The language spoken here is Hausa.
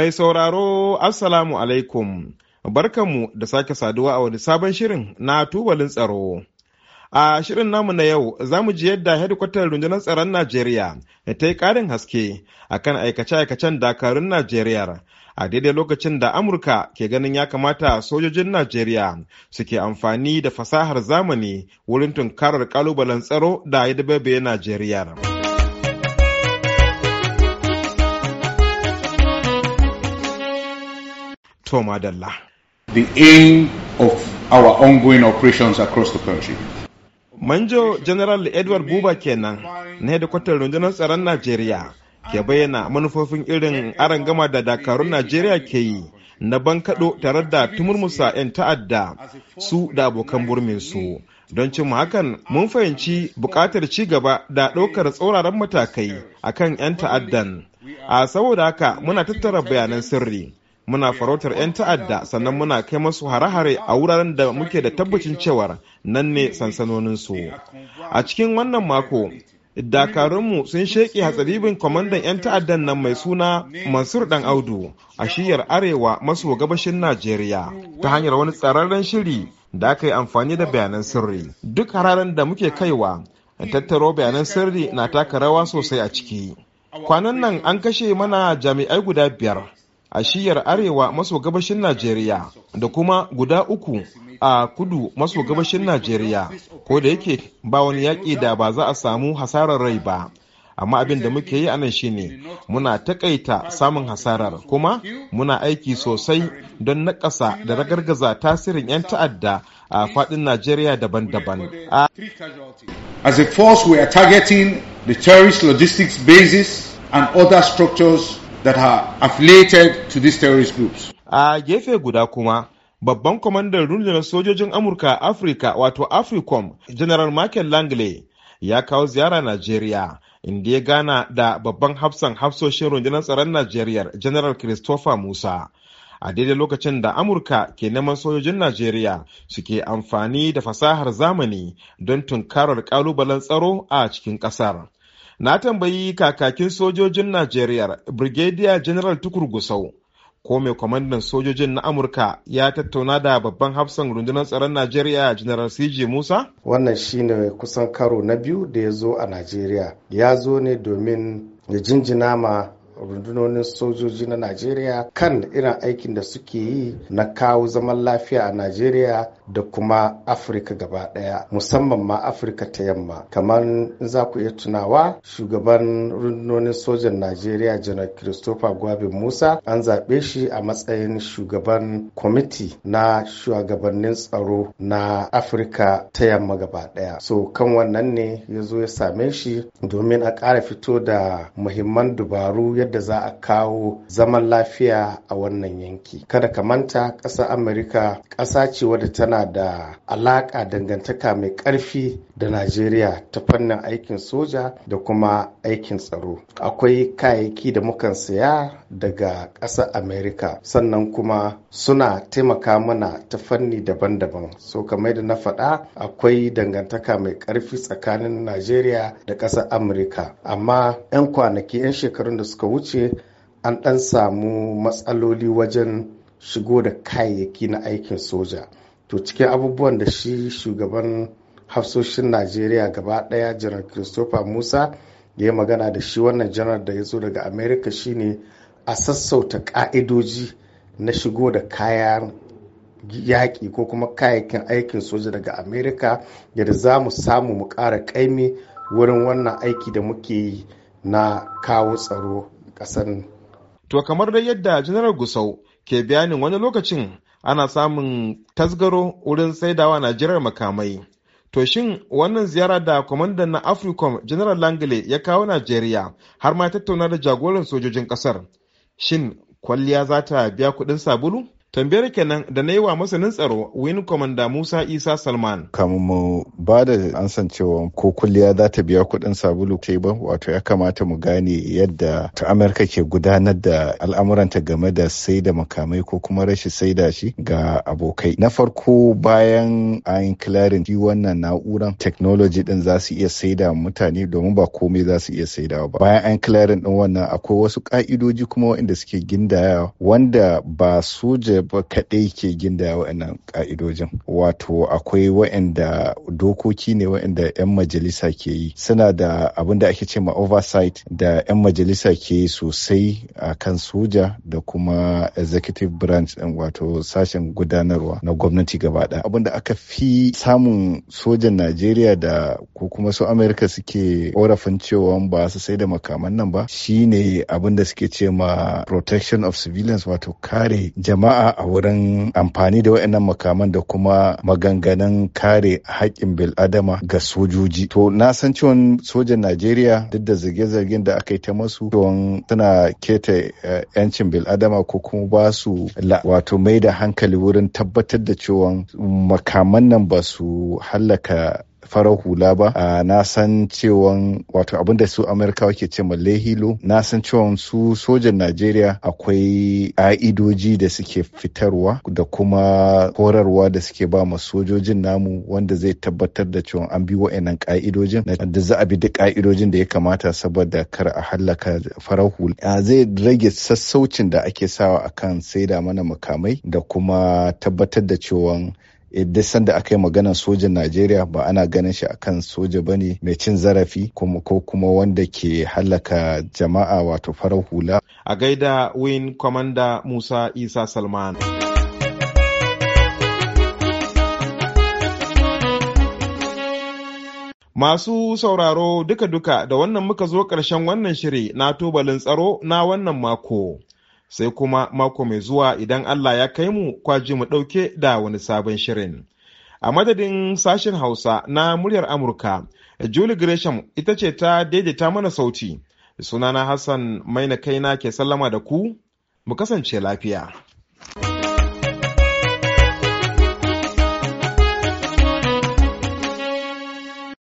Mai sauraro Assalamu alaikum. Barkanmu da sake saduwa a wani sabon shirin na tubalin tsaro. A shirin namu na yau za mu ji yadda hedikwatar rundunar tsaron Najeriya ta yi ƙarin haske a kan aikace-aikacen dakarun Najeriya a daidai lokacin da Amurka ke ganin ya kamata sojojin Najeriya suke amfani da fasahar zamani wurin tunkarar ƙalubalen tsaro da ya Najeriya. Najeriya. To The aim of our ongoing operations across the country. Manjo General Edward Buba kenan na hedikwatar rundunar tsaron Najeriya ke bayyana manufofin irin gama da dakarun Najeriya ke yi na bankaɗo tare da tumurmusa 'yan ta'adda su da abokan burminsu. Don cimma hakan mun fahimci bukatar ci gaba da ɗaukar tsauraran matakai akan 'yan ta'addan. A saboda haka muna tattara bayanan sirri. muna farautar 'yan ta'adda sannan muna kai masu hare-hare a wuraren da muke da tabbacin cewar nan ne sansanoninsu a cikin wannan mako dakarunmu sun sheƙe hatsaribin kwamandan 'yan ta'addan nan mai suna mansur dan audu a shiyar arewa maso gabashin najeriya ta hanyar wani tsararren shiri da aka yi amfani da bayanan sirri duk hararen da muke kaiwa tattaro bayanan sirri na taka rawa sosai a ciki kwanan nan an kashe mana jami'ai guda biyar a shiyar arewa maso gabashin Najeriya da kuma guda uku a kudu maso gabashin Najeriya ko da yake ba wani yaƙi da ba za a samu hasarar rai ba. amma abin da muke yi anan shine muna takaita samun hasarar kuma muna aiki sosai don nakasa da ragargaza tasirin 'yan ta'adda a fadin najeriya daban-daban as a force we are targeting the terrorist logistics bases and other structures that are affiliated to these terrorist groups. A gefe guda kuma, babban kwamandan rundunar sojojin Amurka afrika wato Africom, General Michael Langley, ya kawo ziyara Najeriya, inda ya gana da babban hafsan hafsoshin rundunar tsaron Najeriya, General Christopher Musa. a daidai lokacin da amurka ke neman sojojin najeriya suke amfani da fasahar zamani don tunkarar kalubalen tsaro a cikin kasar Na tambayi kakakin sojojin Najeriya Brigadier General Tukur Gusau ko mai kwamandan sojojin na Amurka ya tattauna da babban hafsan rundunar tsaron Najeriya General CJ Musa? Wannan shine kusan karo na biyu da ya zo a Najeriya. Ya zo ne domin ya jinjina ma rundunonin sojoji na najeriya kan irin aikin da suke yi na kawo zaman lafiya a najeriya da kuma afirka gaba daya musamman ma afirka ta yamma kamar za ku iya tunawa shugaban rundunonin sojan najeriya janar christopher gwabi musa an zaɓe shi a matsayin shugaban kwamiti na shugabannin tsaro na afirka ta yamma gaba daya so kan wannan ne ya zo ya same shi domin a ƙara fito da muhimman dubaru yadda yadda za a kawo zaman lafiya a wannan yanki kada ka manta ƙasar amurka ƙasa ce wadda tana da alaƙa dangantaka mai ƙarfi da najeriya ta fannin aikin soja da kuma aikin tsaro akwai kayayyaki da mukan saya daga ƙasar amerika sannan kuma suna taimaka mana ta fanni daban-daban so kamar da na faɗa akwai dangantaka mai ƙarfi tsakanin najeriya da ƙasar amurka amma 'yan kwanaki 'yan shekarun da suka wuce wuce an ɗan samu matsaloli wajen shigo da kayayyaki na aikin soja to cikin abubuwan da shi shugaban hafsoshin najeriya gaba ɗaya janar christopher musa da ya magana da shi wannan janar da ya zo daga america shine a sassauta ƙa'idoji na shigo da kayan yaƙi ko kuma kayayyakin aikin soja daga amerika yadda za mu samu mu ƙara ƙaimi wurin wannan aiki da muke yi na kawo tsaro To kamar dai yadda general Gusau ke bayanin wani lokacin ana samun tasgaro wurin saidawa Najeriya makamai. To shin wannan ziyara da kwamandan na Africom General Langley ya kawo Najeriya har ma tattauna da jagoran sojojin ƙasar. Shin kwalliya za ta biya kuɗin sabulu? tambayar kenan da na yi wa masanin tsaro win komanda musa isa salman kamun mu ba da ansan cewa ko kulliya za ta biya kuɗin sabulu ta ba wato ya kamata mu gane yadda ta amurka ke gudanar da al'amuranta game da sai da makamai ko kuma rashin sai da shi ga abokai na farko bayan an clearing yi wannan na'uran technology din za su iya saida mutane domin ba komai za su iya saida ba bayan an kilarin din wannan akwai wasu ka'idoji kuma waɗanda suke gindaya wanda ba soja ba kaɗai ke gindaya wa'annan ƙa'idojin wato akwai wa'anda dokoki ne wa'anda 'yan majalisa ke yi suna da abin da ake ce ma oversight da 'yan majalisa ke yi sosai a kan soja da kuma executive branch ɗin wato sashen gudanarwa na gwamnati gaba ɗaya abin da aka fi samun sojan najeriya da ko kuma su amerika suke ƙorafin cewa ba su sai da makaman nan ba shine abin da suke ce ma protection of civilians wato kare jama'a a wurin amfani da waɗannan makaman da kuma maganganun kare haƙƙin bil'adama ga sojoji to na san ciwon sojan najeriya duk da zirge-zirgen da aka yi ta masu ciwon tana keta eh, yancin bil'adama ko kuma ba su wato mai da hankali wurin tabbatar da ciwon makaman nan ba su hallaka farar hula ba a na san cewan wato abinda su amurka ke ce hilo na san cewan su sojan najeriya akwai a'idoji da suke fitarwa da kuma horarwa da suke ba ma sojojin namu wanda zai tabbatar da cewa an bi wa'annan ka'idojin da za a bi duk ka'idojin da ya kamata saboda kar a hallaka farar hula zai rage sassaucin da ake sawa akan saida mana makamai da kuma tabbatar da cewa Eh, duk sanda aka yi maganar sojan najeriya ba ana ganin shi akan soja bane mai cin zarafi kuma ko kuma wanda ke hallaka jama'a wato farar hula a gaida win kwamanda musa isa salman Masu sauraro duka-duka da wannan muka zo ƙarshen wannan shiri na tubalin tsaro na wannan mako. sai kuma mako mai zuwa idan Allah ya kai mu kwaji mu ɗauke da wani sabon shirin. A madadin sashen Hausa na muryar Amurka, Julie Gresham ita ce ta daidaita mana sauti. Sunana Hassan Maina Kaina ke sallama da ku, mu kasance lafiya.